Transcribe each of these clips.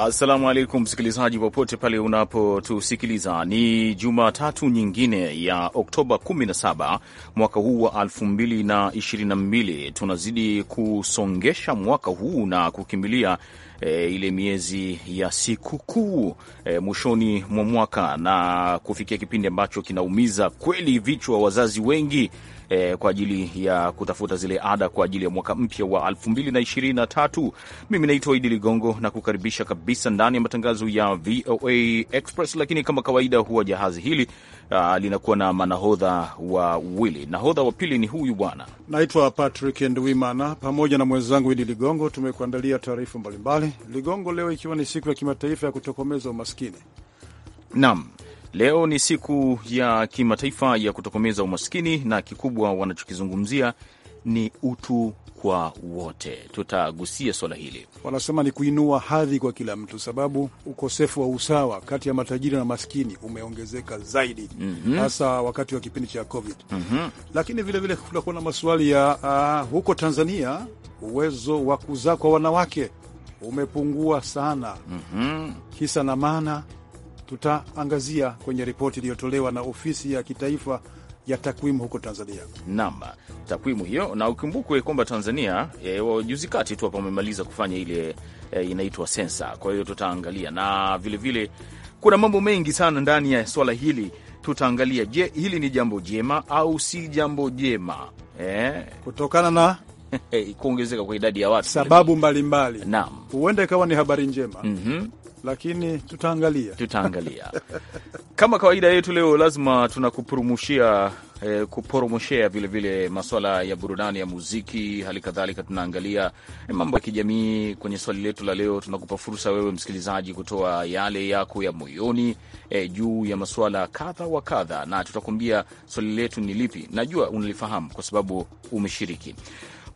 Assalamu alaikum msikilizaji, popote pale unapotusikiliza, ni Jumatatu nyingine ya Oktoba 17 mwaka huu wa 2022. Tunazidi kusongesha mwaka huu na kukimbilia E, ile miezi ya sikukuu e, mwishoni mwa mwaka na kufikia kipindi ambacho kinaumiza kweli vichwa wazazi wengi eh, kwa ajili ya kutafuta zile ada kwa ajili ya mwaka mpya wa 2023. Mimi naitwa Idi Ligongo na kukaribisha kabisa ndani ya matangazo ya VOA Express, lakini kama kawaida huwa jahazi hili uh, linakuwa na manahodha wa wili Nahodha wa pili ni huyu bwana, naitwa Patrick Ndwimana, pamoja na mwenzangu Idi Ligongo tumekuandalia taarifa mbalimbali. Ligongo, leo ikiwa ni siku ya kimataifa ya kutokomeza umaskini. Naam. Leo ni siku ya kimataifa ya kutokomeza umaskini, na kikubwa wanachokizungumzia ni utu kwa wote. Tutagusia swala hili. Wanasema ni kuinua hadhi kwa kila mtu, sababu ukosefu wa usawa kati ya matajiri na maskini umeongezeka zaidi, mhm. hasa mm -hmm. wakati wa kipindi cha COVID mm -hmm. Lakini vilevile kutakuwa na maswali ya uh, huko Tanzania uwezo wa kuzaa kwa wanawake umepungua sana mm -hmm. kisa na maana tutaangazia kwenye ripoti iliyotolewa na ofisi ya kitaifa ya takwimu huko Tanzania. Naam, takwimu hiyo, na ukumbukwe kwamba Tanzania e, juzi kati tu hapa wamemaliza kufanya ile e, inaitwa sensa. Kwa hiyo tutaangalia na vilevile vile, kuna mambo mengi sana ndani ya swala hili tutaangalia. Je, hili ni jambo jema au si jambo jema e? kutokana na kuongezeka kwa idadi ya watu, sababu mbalimbali, naam, huenda ikawa ni habari njema mm -hmm lakini tutaangalia, tutaangalia kama kawaida yetu. Leo lazima tunakupromoshia eh, kuporomoshea vilevile maswala ya burudani ya muziki, hali kadhalika tunaangalia eh, mambo ya kijamii. Kwenye swali letu la leo, tunakupa fursa wewe msikilizaji kutoa yale yako ya moyoni eh, juu ya maswala kadha wa kadha, na tutakuambia swali letu ni lipi. Najua unalifahamu kwa sababu umeshiriki.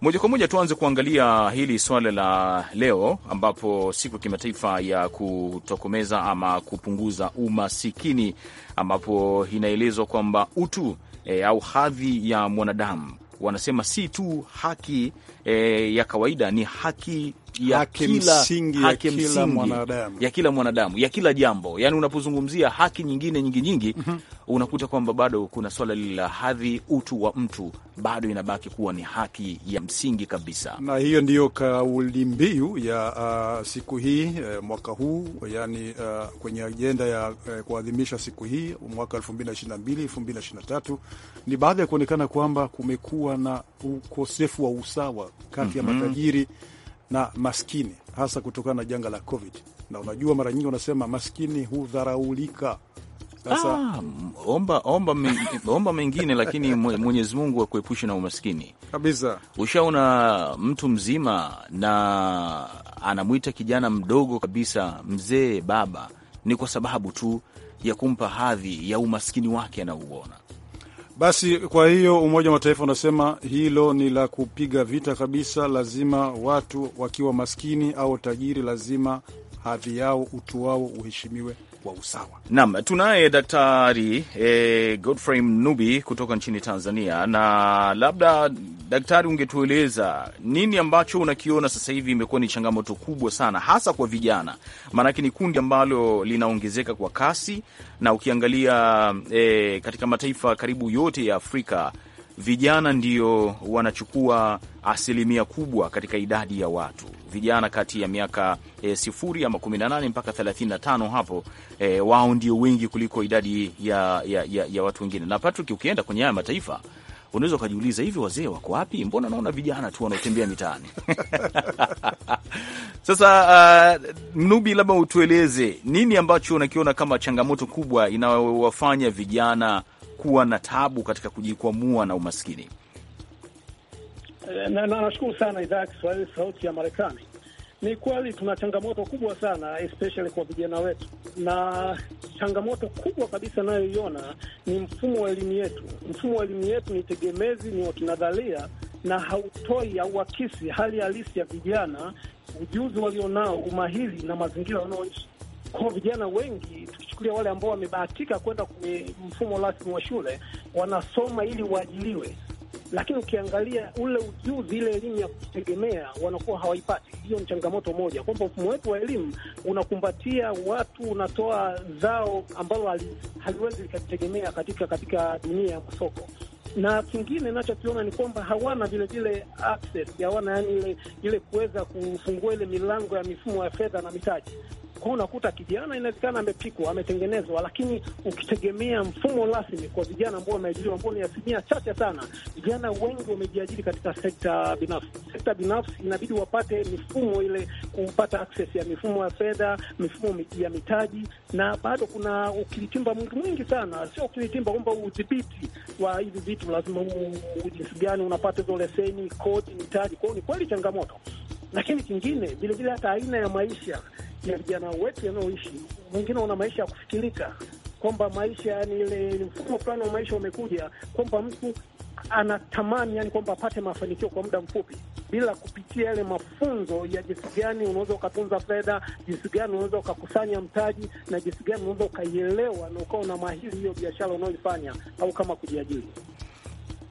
Moja kwa moja tuanze kuangalia hili swala la leo, ambapo siku ya kimataifa ya kutokomeza ama kupunguza umasikini, ambapo inaelezwa kwamba utu e, au hadhi ya mwanadamu wanasema si tu haki e, ya kawaida ni haki ya haki kila, msingi, haki ya, kila msingi, mwanadamu. ya kila mwanadamu ya kila jambo. Yani unapozungumzia haki nyingine nyingi nyingi mm -hmm. unakuta kwamba bado kuna swala lile la hadhi, utu wa mtu bado inabaki kuwa ni haki ya msingi kabisa, na hiyo ndiyo kauli mbiu ya uh, siku hii eh, mwaka huu yani uh, kwenye ajenda ya eh, kuadhimisha siku hii mwaka 2022 2023 ni baada ya kuonekana kwamba kumekuwa na ukosefu wa usawa kati ya mm -hmm. matajiri na maskini, hasa kutokana na janga la COVID. Na unajua mara nyingi wanasema maskini hudharaulika. Sasa ah, omba, omba, me, omba mengine lakini Mwenyezi Mungu akuepushe na umaskini kabisa. Ushaona mtu mzima na anamwita kijana mdogo kabisa mzee baba, ni kwa sababu tu ya kumpa hadhi ya umaskini wake anauona. Basi kwa hiyo Umoja wa Mataifa unasema hilo ni la kupiga vita kabisa. Lazima watu wakiwa maskini au tajiri, lazima hadhi yao, utu wao uheshimiwe kwa usawa. Naam, tunaye Daktari eh, Godfrey Mnubi kutoka nchini Tanzania, na labda daktari, ungetueleza nini ambacho unakiona sasa hivi imekuwa ni changamoto kubwa sana, hasa kwa vijana, maanake ni kundi ambalo linaongezeka kwa kasi, na ukiangalia eh, katika mataifa karibu yote ya Afrika vijana ndio wanachukua asilimia kubwa katika idadi ya watu vijana kati ya miaka e, sifuri ama 18 mpaka 35 hapo e, wao ndio wengi kuliko idadi ya, ya, ya, ya watu wengine. Na Patrick, ukienda kwenye haya mataifa unaweza ukajiuliza hivi, wazee wako wapi? Mbona naona vijana tu wanaotembea mitaani? Sasa uh, Mnubi, labda utueleze nini ambacho unakiona kama changamoto kubwa inayowafanya vijana kuwa na tabu katika kujikwamua na umaskini? Eh, na nashukuru sana idhaa ya Kiswahili sauti ya Marekani. Ni kweli tuna changamoto kubwa sana especially kwa vijana wetu, na changamoto kubwa kabisa nayoiona ni mfumo wa elimu yetu. Mfumo wa elimu yetu ni tegemezi, ni wakinadharia na hautoi au akisi hali halisi ya vijana, ujuzi walionao, umahiri na mazingira wanaoishi. Kwa vijana wengi Chukulia wale ambao wamebahatika kwenda kwenye mfumo rasmi wa shule, wanasoma ili waajiliwe, lakini ukiangalia ule ujuzi, ile elimu ya kujitegemea wanakuwa hawaipati. Hiyo ni changamoto moja, kwamba mfumo wetu wa elimu unakumbatia watu, unatoa zao ambalo haliwezi likajitegemea katika katika dunia ya masoko na kingine nachokiona ni kwamba hawana vile vile access, hawana yani ile ile kuweza kufungua ile milango ya mifumo ya fedha na mitaji. Kwa hiyo unakuta kijana inawezekana amepikwa, ametengenezwa, lakini ukitegemea mfumo rasmi kwa vijana ambao wameajiriwa, ambao ni asilimia chache sana, vijana wengi wamejiajiri katika sekta binafsi. Sekta binafsi inabidi wapate mifumo ile, kupata access ya mifumo ya fedha, mifumo ya mitaji, na bado kuna ukilitimba mwingi sana, sio ukilitimba kwamba udhibiti wa hivi vitu, lazima jinsi gani unapata hizo leseni, kodi, mitaji. Kwao ni kweli changamoto, lakini kingine vilevile hata aina ya maisha ya vijana wetu yanayoishi, wengine wana maisha ya kufikirika, kwamba maisha yani ile mfumo fulani wa maisha umekuja kwamba mtu anatamani yani kwamba apate mafanikio kwa muda mfupi bila kupitia yale mafunzo ya jinsi gani unaweza ukatunza fedha, jinsi gani unaweza ukakusanya mtaji, na jinsi gani unaweza ukaielewa na ukawa na mahili hiyo biashara unaoifanya au kama kujiajiri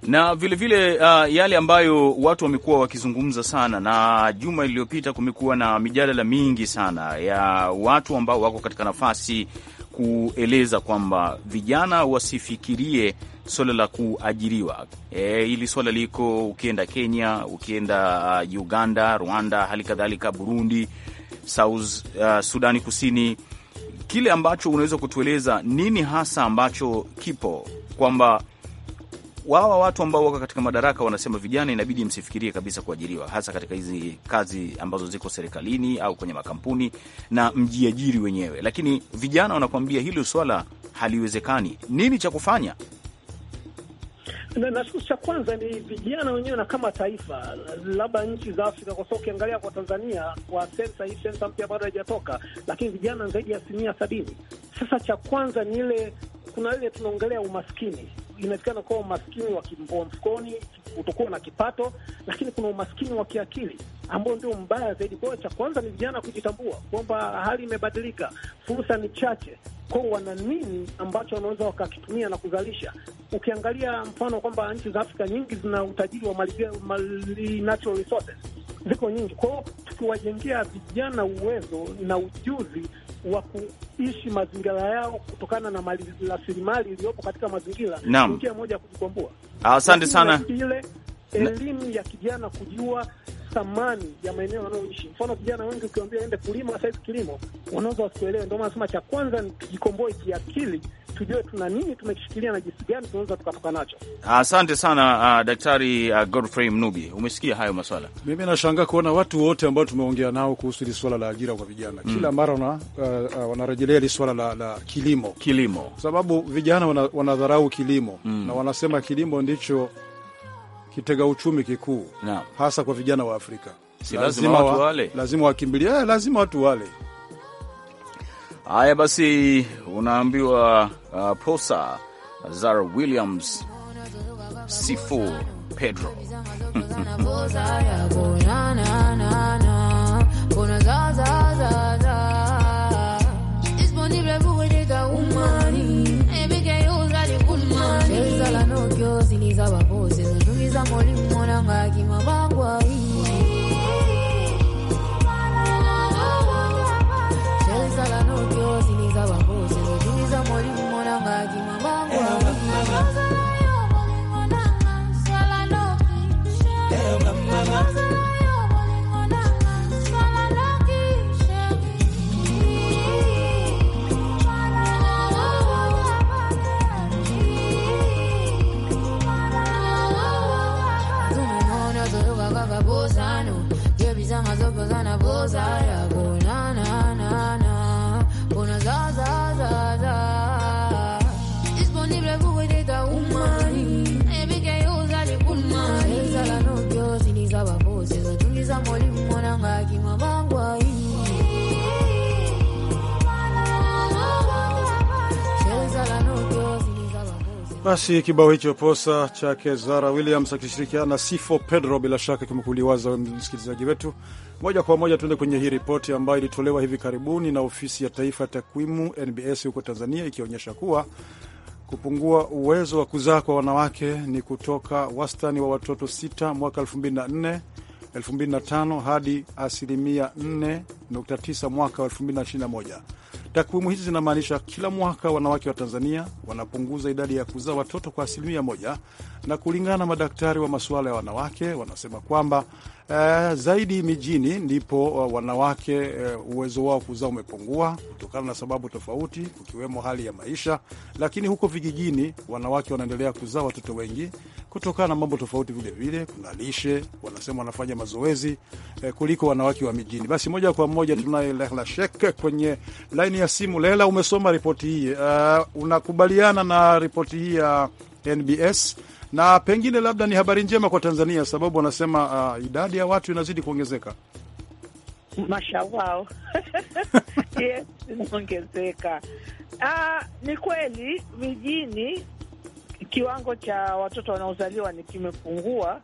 na vilevile vile, uh, yale ambayo watu wamekuwa wakizungumza sana, na juma iliyopita kumekuwa na mijadala mingi sana ya watu ambao wako katika nafasi kueleza kwamba vijana wasifikirie swala la kuajiriwa. E, hili swala liko ukienda Kenya, ukienda uh, Uganda, Rwanda, hali kadhalika Burundi, South, uh, Sudani Kusini. Kile ambacho unaweza kutueleza nini hasa ambacho kipo kwamba wawa watu ambao wako katika madaraka wanasema vijana inabidi msifikirie kabisa kuajiriwa, hasa katika hizi kazi ambazo ziko serikalini au kwenye makampuni na mjiajiri wenyewe, lakini vijana wanakuambia hilo swala haliwezekani. Nini cha kufanya? Nashukuru, cha kwanza ni vijana wenyewe na kama taifa, labda nchi za Afrika, kwa sababu ukiangalia kwa Tanzania kwa sensa hii, sensa mpya bado haijatoka, lakini vijana zaidi ya asilimia sabini. Sasa cha kwanza ni ile, kuna ile tunaongelea umaskini inawezekana kuwa umaskini wa mfukoni, kutokuwa na kipato, lakini kuna umaskini wa kiakili ambao ndio mbaya zaidi. Kwa hiyo cha kwanza ni vijana kujitambua kwamba hali imebadilika, fursa ni chache, kwao wana nini ambacho wanaweza wakakitumia na kuzalisha. Ukiangalia mfano kwamba nchi za Afrika nyingi zina utajiri wa mali, mali natural resources ziko nyingi. kwao, tukiwajengea vijana uwezo na ujuzi wa kuishi mazingira yao kutokana na rasilimali iliyopo katika mazingira ni njia moja ya kujikwambua. Asante sana. Ile elimu ya kijana kujua thamani ya maeneo wanaoishi. Mfano, vijana wengi ukiwambia ende kulima saizi kilimo, wanaweza wasikuelewe. Ndio maana nasema cha kwanza ni tujikomboe kiakili, tujue tuna nini, tumekishikilia na jinsi gani tunaweza tukatoka nacho. Asante sana uh, Daktari uh, Godfrey Mnubi, umesikia hayo maswala. Mimi nashangaa kuona watu wote ambao tumeongea nao kuhusu hili swala la ajira kwa vijana mm. kila mara wana, uh, uh, wanarejelea hili swala la, la kilimo, kilimo, sababu vijana wanadharau wana kilimo mm. na wanasema kilimo ndicho kitega uchumi kikuu na, hasa kwa vijana wa Afrika si lazima, lazima watu wale lazima wakimbilia eh, lazima watu wale haya. Basi unaambiwa uh, Posa zar Williams Sifu Pedro 天城も Basi kibao hicho posa chake Zara Williams akishirikiana na Sifo Pedro bila shaka kimekuliwaza msikilizaji wetu. Moja kwa moja tuende kwenye hii ripoti ambayo ilitolewa hivi karibuni na Ofisi ya Taifa ya Takwimu NBS huko Tanzania, ikionyesha kuwa kupungua uwezo wa kuzaa kwa wanawake ni kutoka wastani wa watoto 6 mwaka 2004 2005 hadi asilimia 4.9 mwaka 2021. Takwimu hizi zinamaanisha kila mwaka wanawake wa Tanzania wanapunguza idadi ya kuzaa watoto kwa asilimia moja, na kulingana na madaktari wa masuala ya wanawake wanasema kwamba Uh, zaidi mijini ndipo uh, wanawake uh, uwezo wao kuzaa umepungua kutokana na sababu tofauti, ukiwemo hali ya maisha, lakini huko vijijini wanawake wanaendelea kuzaa watoto wengi kutokana na mambo tofauti, vilevile kuna lishe, wanasema wanafanya mazoezi uh, kuliko wanawake wa mijini. Basi moja kwa moja tunaye Lehla Shek kwenye laini ya simu. lela umesoma ripoti hii uh, unakubaliana na ripoti hii ya NBS na pengine labda ni habari njema kwa Tanzania sababu wanasema uh, idadi ya watu inazidi kuongezeka mashawao yes, inaongezeka. Uh, ni kweli mijini kiwango cha watoto wanaozaliwa ni kimepungua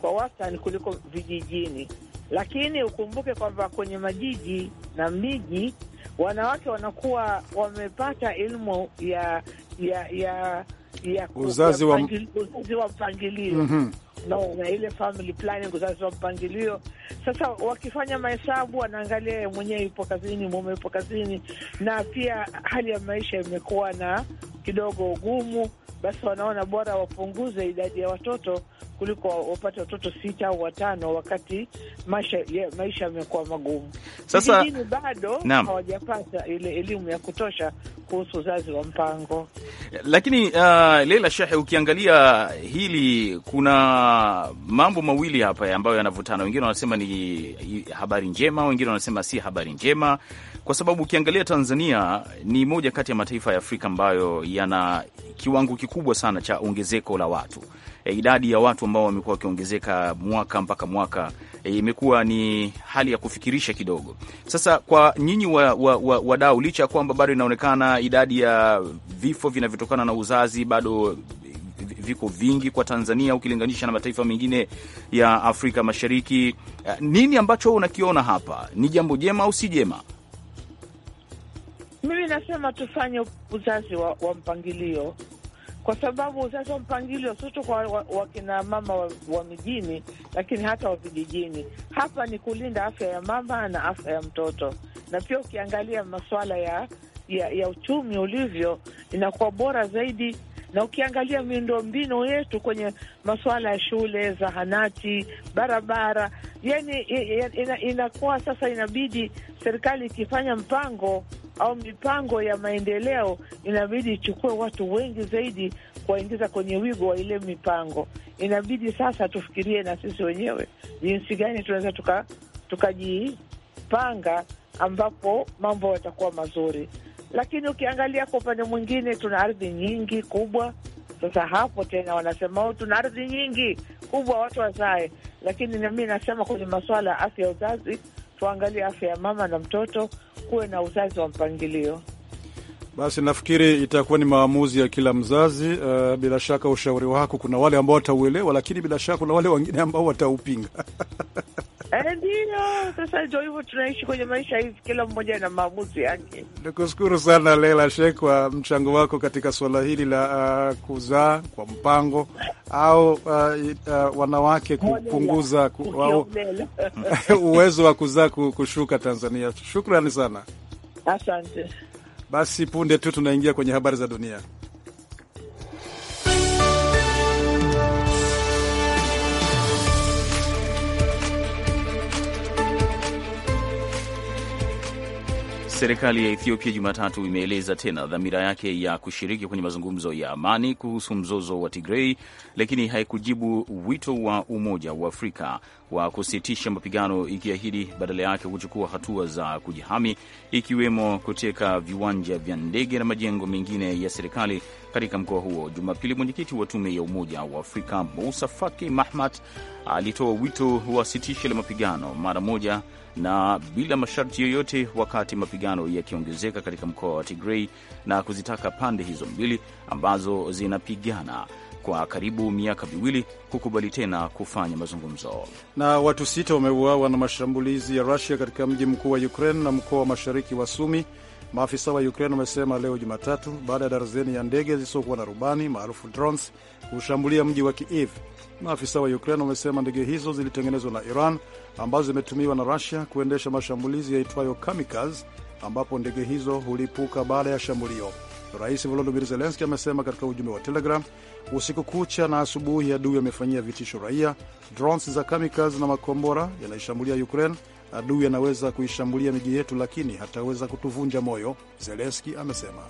kwa wastani kuliko vijijini, lakini ukumbuke kwamba kwenye majiji na miji wanawake wanakuwa wamepata elimu ya ya ya uzazi wa mpangilio mm -hmm. No, na ile family planning, uzazi wa mpangilio. Sasa wakifanya mahesabu, wanaangalia mwenyewe yupo kazini, mume yupo kazini, na pia hali ya maisha imekuwa na kidogo ugumu basi wanaona bora wapunguze idadi ya watoto kuliko wapate watoto sita au watano, wakati maisha yamekuwa magumu. Sasa vijijini bado hawajapata ile elimu ya kutosha kuhusu uzazi wa mpango. Lakini uh, Leila Shehe, ukiangalia hili kuna mambo mawili hapa ambayo yanavutana. Wengine wanasema ni habari njema, wengine wanasema si habari njema kwa sababu ukiangalia Tanzania ni moja kati ya mataifa ya Afrika ambayo yana kiwango kikubwa sana cha ongezeko la watu. E, idadi ya watu ambao wamekuwa wakiongezeka mwaka mpaka mwaka e, imekuwa ni hali ya kufikirisha kidogo. Sasa kwa nyinyi wadau wa, wa licha ya kwamba bado inaonekana idadi ya vifo vinavyotokana na uzazi bado eh, viko vingi kwa Tanzania ukilinganisha na mataifa mengine ya Afrika Mashariki, nini ambacho unakiona hapa? Ni jambo jema au si jema? nasema tufanye uzazi wa, wa mpangilio kwa sababu uzazi wa mpangilio sio tu kwa wakina mama wa, wa mijini, lakini hata wa vijijini. Hapa ni kulinda afya ya mama na afya ya mtoto, na pia ukiangalia masuala ya ya, ya uchumi ulivyo, inakuwa bora zaidi na ukiangalia miundombinu yetu kwenye masuala ya shule, zahanati, barabara, yani inakuwa ina, sasa inabidi serikali ikifanya mpango au mipango ya maendeleo inabidi ichukue watu wengi zaidi kuwaingiza kwenye wigo wa ile mipango. Inabidi sasa tufikirie na sisi wenyewe jinsi gani tunaweza tukajipanga tuka ambapo mambo yatakuwa mazuri. Lakini ukiangalia kwa upande mwingine, tuna ardhi nyingi kubwa. Sasa hapo tena wanasema oh, tuna ardhi nyingi kubwa, watu wazae. Lakini nami nasema kwenye masuala ya afya ya uzazi, tuangalie afya ya mama na mtoto, kuwe na uzazi wa mpangilio. Basi nafikiri itakuwa ni maamuzi ya kila mzazi. Uh, bila shaka ushauri wako, kuna wale ambao watauelewa, lakini bila shaka kuna wale wengine ambao wataupinga Eh, Ndiyo, sasa ndio hivyo tunaishi kwenye maisha hivi, kila mmoja na maamuzi yake. Nikushukuru sana Leila Sheikh kwa mchango wako katika suala hili la uh, kuzaa kwa mpango au uh, uh, wanawake kupunguza ku, au, uwezo wa kuzaa kushuka Tanzania. Shukrani sana, asante. Basi punde tu tunaingia kwenye habari za dunia. Serikali ya Ethiopia Jumatatu imeeleza tena dhamira yake ya kushiriki kwenye mazungumzo ya amani kuhusu mzozo wa Tigrei, lakini haikujibu wito wa Umoja wa Afrika wa kusitisha mapigano, ikiahidi badala yake kuchukua hatua za kujihami, ikiwemo kuteka viwanja vya ndege na majengo mengine ya serikali katika mkoa huo. Jumapili, mwenyekiti wa tume ya Umoja wa Afrika musafaki Faki Mahamat alitoa wito wa sitisho la mapigano mara moja na bila masharti yoyote, wakati mapigano yakiongezeka katika mkoa wa Tigrei na kuzitaka pande hizo mbili ambazo zinapigana kwa karibu miaka miwili kukubali tena kufanya mazungumzo. Na watu sita wameuawa na mashambulizi ya Rusia katika mji mkuu wa Ukraine na mkoa wa mashariki wa Sumi maafisa wa Ukraine wamesema leo Jumatatu baada ya darzeni ya ndege zisizokuwa na rubani maarufu drones kushambulia mji wa Kiev. Maafisa wa Ukraine wamesema ndege hizo zilitengenezwa na Iran ambazo zimetumiwa na Rusia kuendesha mashambulizi yaitwayo kamikaz, ambapo ndege hizo hulipuka baada ya shambulio. Rais volodimir Zelenski amesema katika ujumbe wa Telegram, usiku kucha na asubuhi adui amefanyia vitisho raia. Drones za kamikaz na makombora yanaishambulia Ukraine Adui anaweza kuishambulia miji yetu, lakini hataweza kutuvunja moyo, Zelenski amesema.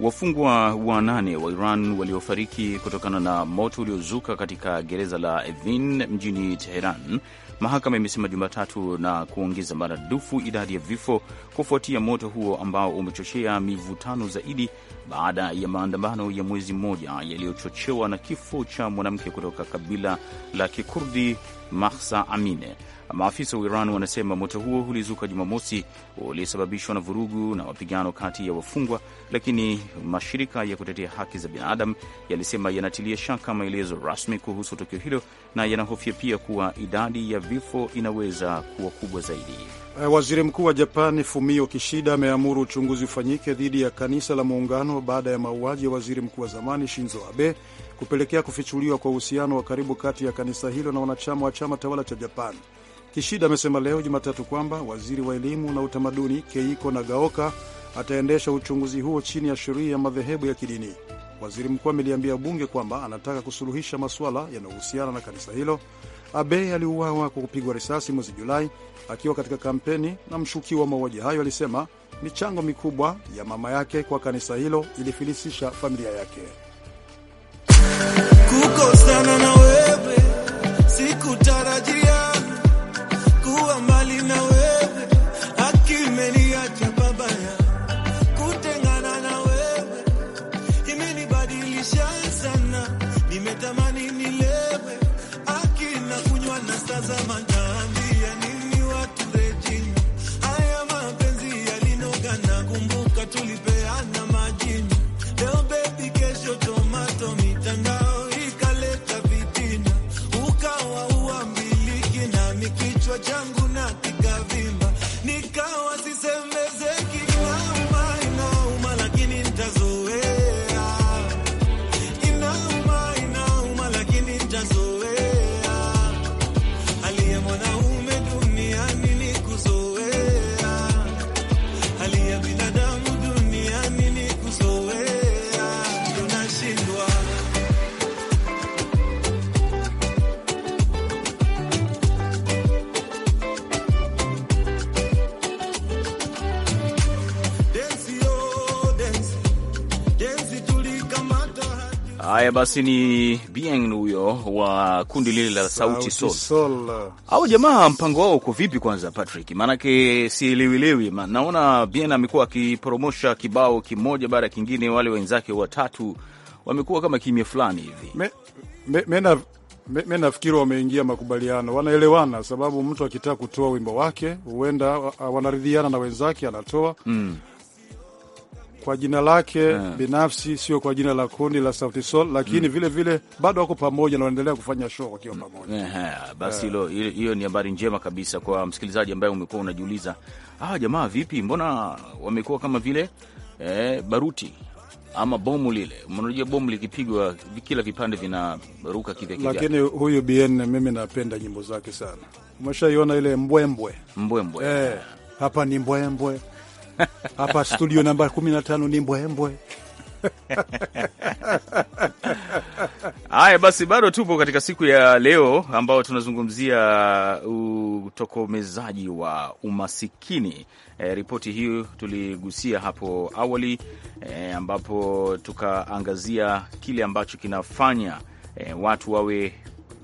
Wafungwa wa nane wa Iran waliofariki kutokana na moto uliozuka katika gereza la Evin mjini Teheran, mahakama imesema Jumatatu, na kuongeza maradufu idadi ya vifo kufuatia moto huo ambao umechochea mivutano zaidi baada ya maandamano ya mwezi mmoja yaliyochochewa na kifo cha mwanamke kutoka kabila la Kikurdi Mahsa Amine Maafisa wa Iran wanasema moto huo ulizuka Jumamosi, ulisababishwa na vurugu na mapigano kati ya wafungwa, lakini mashirika ya kutetea haki za binadamu yalisema yanatilia shaka maelezo rasmi kuhusu tukio hilo na yanahofia pia kuwa idadi ya vifo inaweza kuwa kubwa zaidi. Eh, waziri Mkuu wa Japani Fumio Kishida ameamuru uchunguzi ufanyike dhidi ya kanisa la Muungano baada ya mauaji ya waziri mkuu wa zamani Shinzo Abe kupelekea kufichuliwa kwa uhusiano wa karibu kati ya kanisa hilo na wanachama wa chama tawala cha Japani. Kishida amesema leo Jumatatu kwamba waziri wa elimu na utamaduni Keiko Nagaoka ataendesha uchunguzi huo chini ya sheria ya madhehebu ya kidini. Waziri mkuu ameliambia bunge kwamba anataka kusuluhisha masuala yanayohusiana na kanisa hilo. Abei aliuawa kwa kupigwa risasi mwezi Julai akiwa katika kampeni, na mshukiwa wa mauaji hayo alisema michango mikubwa ya mama yake kwa kanisa hilo ilifilisisha familia yake. Kukosana na wewe sikutaraji Haya basi, ni Bien huyo wa kundi lile la Sauti Sol. Au jamaa, mpango wao uko vipi kwanza, Patrick? Maanake sielewilewi. Naona Bien amekuwa akipromosha kibao kimoja baada ya kingine, wale wenzake watatu wamekuwa kama kimya fulani hivi. Mi nafikiri wameingia makubaliano, wanaelewana, sababu mtu akitaka kutoa wimbo wake huenda wanaridhiana na wenzake, anatoa mm kwa jina lake yeah, binafsi sio kwa jina la kundi la Sauti Sol, lakini mm, vile vile bado wako pamoja na wanaendelea kufanya show wakiwa pamoja. Yeah, eh, basi eh. hilo yeah, hiyo ni habari njema kabisa kwa msikilizaji ambaye umekuwa unajiuliza ah, jamaa vipi, mbona wamekuwa kama vile eh, baruti ama bomu lile. Unajua bomu likipigwa kila vipande vinaruka kivya kivya, lakini huyu BN mimi napenda nyimbo zake sana. Umeshaiona ile mbwembwe mbwembwe mbwe. Eh, hapa ni mbwembwe mbwe hapa studio namba 15 ni mbwembwe. Haya basi, bado tupo katika siku ya leo ambayo tunazungumzia utokomezaji wa umasikini. E, ripoti hiyo tuligusia hapo awali e, ambapo tukaangazia kile ambacho kinafanya e, watu wawe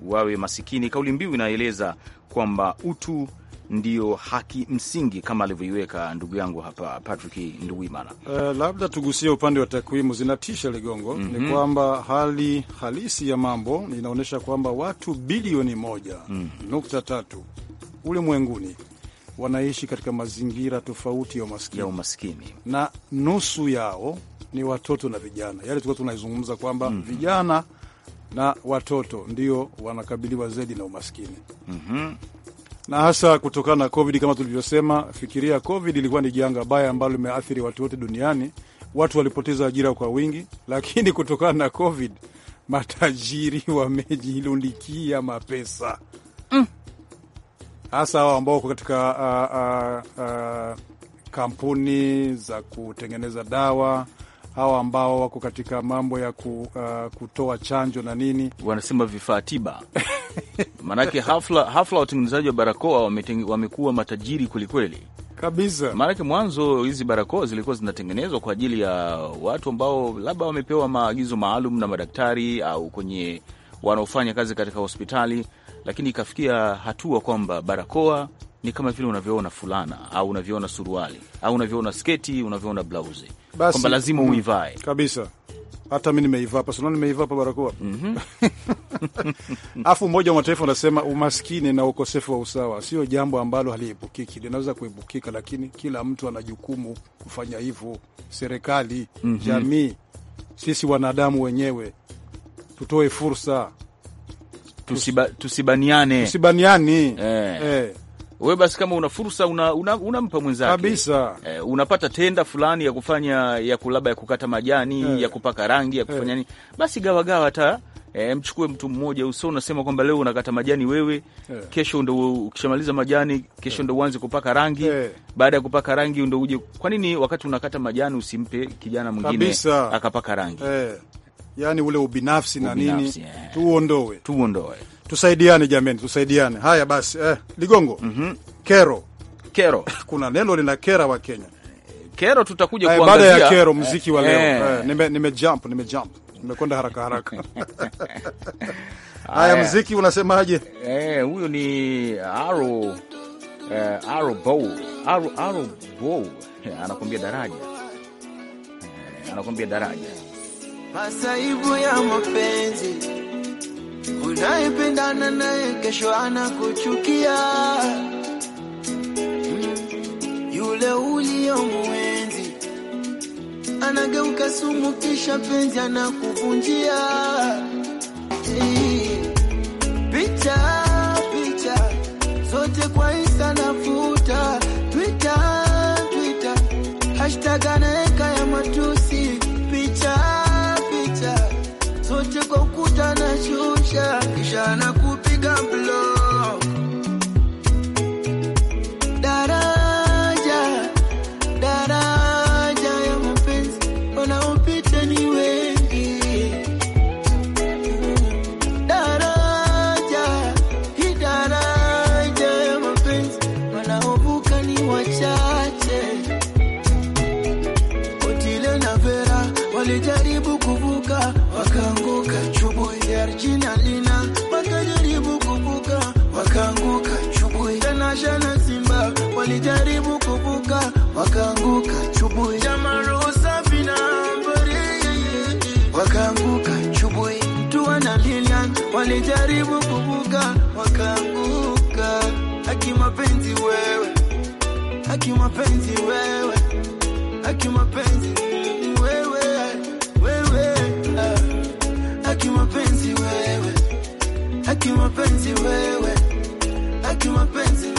wawe masikini. Kauli mbiu inaeleza kwamba utu ndiyo haki msingi kama alivyoiweka ndugu yangu hapa Patrick Nduwimana. Uh, labda tugusie upande wa takwimu, zinatisha ligongo. mm -hmm. Ni mhm. kwamba hali halisi ya mambo inaonyesha kwamba watu bilioni moja mm -hmm. nukta tatu ulimwenguni wanaishi katika mazingira tofauti ya umaskini. ya umaskini na nusu yao ni watoto na vijana, yani tulikuwa tunaizungumza kwamba mm -hmm. vijana na watoto ndio wanakabiliwa zaidi na umaskini. mm -hmm na hasa kutokana na COVID. Kama tulivyosema, fikiria COVID ilikuwa ni janga baya ambalo limeathiri watu wote duniani. Watu walipoteza ajira kwa wingi, lakini kutokana na COVID matajiri wamejilundikia mapesa mm. hasa mm, hao ambao wako katika uh, uh, uh, kampuni za kutengeneza dawa hawa ambao wako katika mambo ya ku, uh, kutoa chanjo na nini, wanasema vifaa tiba maanake hafla, hafla watengenezaji wa barakoa wamekuwa matajiri kwelikweli kabisa maanake, mwanzo hizi barakoa zilikuwa zinatengenezwa kwa ajili ya watu ambao labda wamepewa maagizo maalum na madaktari au kwenye wanaofanya kazi katika hospitali, lakini ikafikia hatua kwamba barakoa ni kama vile unavyoona fulana au unavyoona suruali au unavyoona sketi, unavyoona blauzi basi kwamba lazima mm, uivae kabisa. Hata mi nimeivaa hapa sunani, nimeivaa hapa barakoa mm -hmm. Alafu Umoja wa Mataifa unasema umaskini na ukosefu wa usawa sio jambo ambalo haliepukiki, linaweza kuepukika, lakini kila mtu ana jukumu kufanya hivyo, serikali mm -hmm. jamii, sisi wanadamu wenyewe tutoe fursa, tusibaniane, eh. Eh wewe basi, kama una fursa unampa una, una mwenzake kabisa e, unapata tenda fulani ya kufanya ya labda ya kukata majani yeah, ya kupaka rangi ya kufanya eh. nini basi gawagawa hata E, mchukue mtu mmoja uso, unasema kwamba leo unakata majani wewe yeah. Kesho ndo ukishamaliza majani kesho yeah. ndo uanze kupaka rangi yeah. Baada ya kupaka rangi ndo uje. Kwa nini wakati unakata majani usimpe kijana mwingine akapaka rangi yeah yani ule ubinafsi, ubinafsi na nini yeah. Tuondoe, tuondoe, tusaidiane jameni, tusaidiane. Haya basi eh, Ligongo mm -hmm. Kero kero, kuna neno kera wa Kenya eh, kero, tutakuja kuangazia eh, baada ya kero muziki wa eh, leo eh. nime, nime jump nime jump nimekwenda haraka haraka. Haya, muziki unasemaje? Eh, huyu ni aro eh, aro Bow aro aro Bow anakuambia daraja anakuambia daraja masaibu ya mapenzi, unayependana naye kesho anakuchukia, hmm. yule uliyomwenzi anageuka sumu, kisha penzi anakuvunjia picha picha zote kwa isa nafuta anashusha kisha anakupiga mlo walijaribu kuvuka wakaanguka. Haki mapenzi wewe, haki mapenzi wewe, haki mapenzi wewe, wewe, ah. haki mapenzi wewe, haki mapenzi wewe, haki mapenzi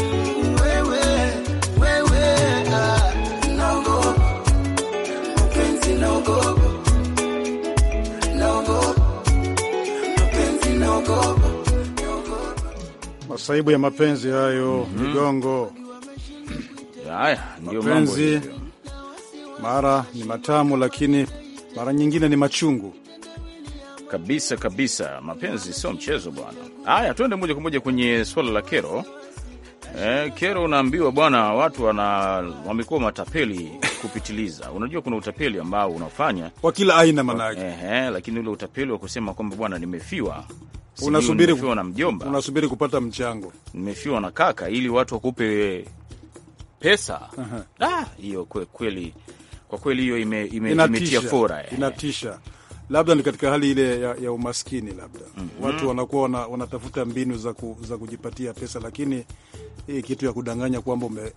masaibu ya mapenzi hayo mhm. migongo. Haya ndio mapenzi, mara ni matamu lakini mara nyingine ni machungu kabisa kabisa. Mapenzi sio mchezo bwana. Haya, tuende moja kwa moja kwenye swala la kero. Eh, kero unaambiwa bwana, watu wamekuwa matapeli kupitiliza. Unajua kuna utapeli ambao unafanya kwa kila aina manake. Eh, eh, lakini ule utapeli wa kusema kwamba bwana, nimefiwa unasubiri kufiwa na mjomba, unasubiri kupata mchango, nimefiwa na kaka, ili watu wakupe pesa hiyo. Ah, kweli kwa kweli hiyo imetia ime, ime fora eh. Inatisha, labda ni katika hali ile ya, ya umaskini labda mm -hmm. Watu wanakuwa wana, wanatafuta mbinu za, ku, za kujipatia pesa, lakini hii eh, kitu ya kudanganya kwamba ume,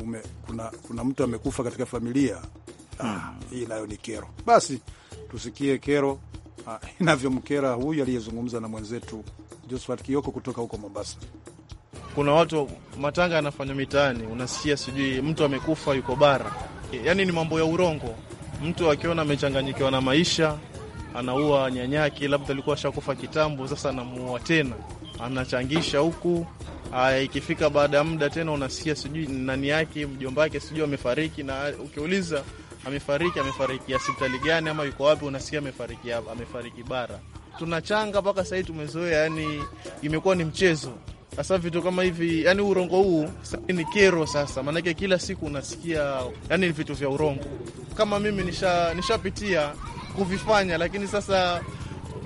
ume, kuna, kuna mtu amekufa katika familia ah, mm. Hii nayo ni kero. Basi tusikie kero Ah, inavyomkera huyu aliyezungumza na mwenzetu Josphat Kioko kutoka huko Mombasa. Kuna watu matanga yanafanywa mitaani, unasikia sijui mtu amekufa yuko bara, yaani ni mambo ya urongo. Mtu akiona amechanganyikiwa na maisha anaua nyanyake, labda alikuwa ashakufa kitambo, sasa anamuua tena, anachangisha huku. Aya, ikifika baada ya muda tena unasikia sijui nani yake mjomba wake sijui amefariki, na ukiuliza amefariki, amefariki hospitali gani ama yuko wapi? Unasikia amefariki amefariki bara. Tunachanga mpaka sahii tumezoea, yani imekuwa ni mchezo sasa vitu kama hivi, yani urongo huu ni kero sasa, maanake kila siku unasikia yani vitu vya urongo. Kama mimi nisha nishapitia kuvifanya, lakini sasa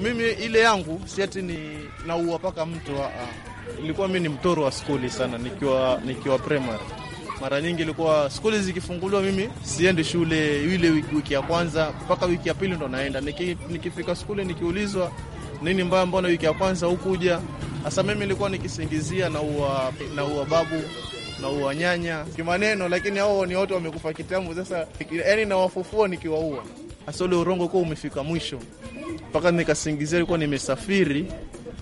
mimi ile yangu siati ni naua paka mtu. Ah, ah. Ilikuwa mi ni mtoro wa skuli sana nikiwa nikiwa primary mara nyingi ilikuwa skuli zikifunguliwa, mimi siendi shule ile wiki, wiki ya kwanza mpaka wiki ya pili ndo naenda. Niki, nikifika skuli nikiulizwa nini mbaya, mbona wiki ya kwanza hukuja? Hasa mimi nilikuwa nikisingizia na uwa, na uwa babu na nyanya kimaneno, lakini hao ni watu wamekufa kitambo. Sasa yani nawafufua nikiwaua, hasa ule urongo kuwa umefika mwisho, mpaka nikasingizia ilikuwa nimesafiri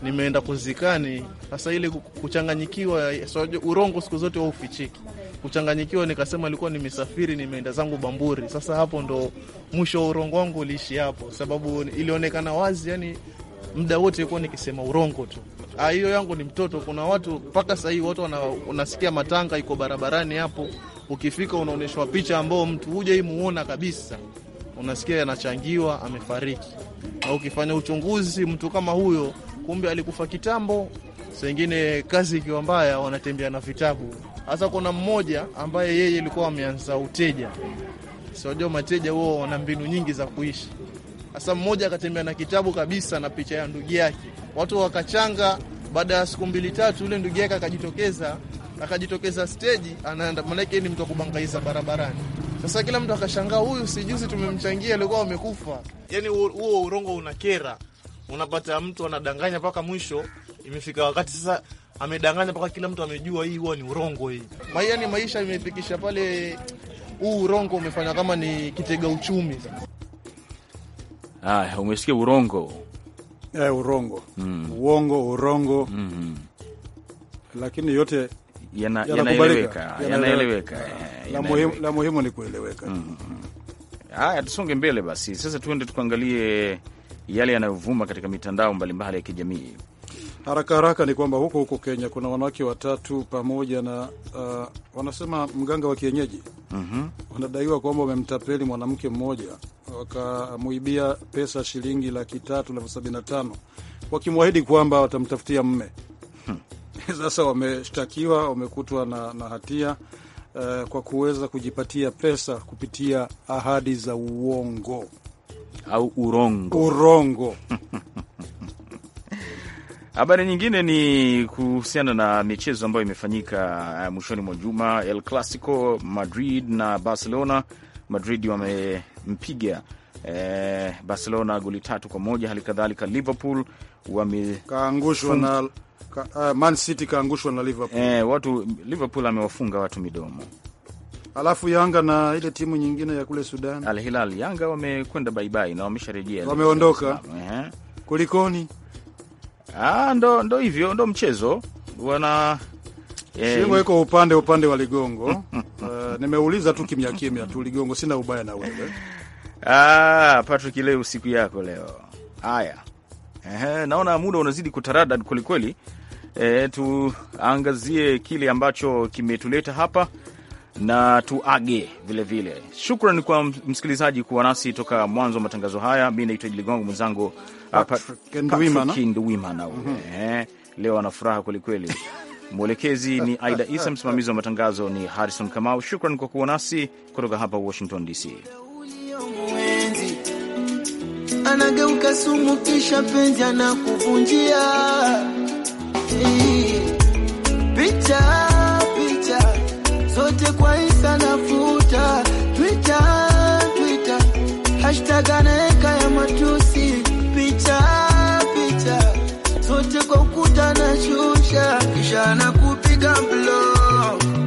nimeenda kuzikani. Hasa ile kuchanganyikiwa, so urongo siku zote waufichiki kuchanganyikiwa, nikasema ilikuwa nimesafiri, nimeenda zangu Bamburi. Sasa hapo ndo mwisho wa urongo wangu uliishi hapo, sababu ilionekana wazi, yani muda wote ilikuwa nikisema urongo tu. Ah, hiyo yangu ni mtoto. Kuna watu mpaka sahii watu wanasikia matanga iko barabarani hapo, ukifika unaonyeshwa picha ambao mtu hujai muona kabisa, unasikia anachangiwa amefariki, na ukifanya uchunguzi mtu kama huyo kumbe alikufa kitambo. Sengine kazi ikiwa mbaya, wanatembea na vitabu Hasa kuna mmoja ambaye yeye ilikuwa ameanza uteja, siwajua mateja huo wana mbinu nyingi za kuishi. Hasa mmoja akatembea na kitabu kabisa na picha ya ndugu yake, watu wakachanga. Baada ya siku mbili tatu, yule ndugu yake akajitokeza akajitokeza steji, anaenda maanake ni mtu akubangaiza barabarani. Sasa kila mtu akashangaa, huyu sijuzi tumemchangia alikuwa amekufa. Yani huo urongo unakera, unapata mtu anadanganya mpaka mwisho. Imefika wakati sasa amedanganya mpaka kila mtu amejua hii huwa ni urongo hii. Yaani maisha imefikisha pale, huu urongo umefanya kama ni kitega uchumi. Ah, umesikia urongo eh, urongo mm. uongo, urongo mm -hmm. lakini yote yanaeleweka, yanaeleweka. Eh, la muhimu ni kueleweka. mm -hmm. Haya, tusonge mbele basi. Sasa tuende tukaangalie yale yanayovuma katika mitandao mbalimbali ya kijamii. Haraka haraka ni kwamba huko huko Kenya kuna wanawake watatu pamoja na uh, wanasema mganga wa kienyeji mm -hmm. wanadaiwa kwamba wamemtapeli mwanamke mmoja, wakamuibia pesa shilingi laki tatu elfu sabini na tano wakimwahidi kwamba watamtafutia mme hmm. sasa wameshtakiwa, wamekutwa na, na hatia uh, kwa kuweza kujipatia pesa kupitia ahadi za uongo au urongo, urongo. Habari nyingine ni kuhusiana na michezo ambayo imefanyika eh, mwishoni mwa juma, El Clasico, Madrid na Barcelona. Madrid wamempiga eh, Barcelona goli tatu kwa moja. Hali kadhalika Liverpool wamekaangushwa na ka, uh, Man City kaangushwa na Liverpool. Eh, watu Liverpool amewafunga watu midomo Alafu Yanga na ile timu nyingine ya kule Sudan Al Hilal, Yanga wamekwenda baibai na wamesharejea, wameondoka. Eh. Kulikoni? Ah, ndo, ndo hivyo ndo mchezo wana shingo eh, Shimo iko upande upande wa ligongo uh, nimeuliza tu kimya kimya tu ligongo, sina ubaya na wewe ah, Patrick, leo siku yako leo. Haya, ehe, naona muda unazidi kutaradad kwelikweli. E, eh, tuangazie kile ambacho kimetuleta hapa na tuage vilevile. Shukran kwa msikilizaji kuwa nasi toka mwanzo wa matangazo haya. Mi naitwa jiligongo Ligongo, mwenzangu Nduwimana mhm. eh? leo ana furaha kwelikweli. Mwelekezi ni Aida Isa, msimamizi wa matangazo ni Harrison Kamau. Shukran kwa kuwa nasi kutoka hapa Washington DC. Anageuka sumu kisha penzi anakuvunjia picha nitafute kwa Insta nafuta Twitter, Twitter hashtag anaeka ya matusi picha picha zote kwa ukuta na shusha kisha kupiga blog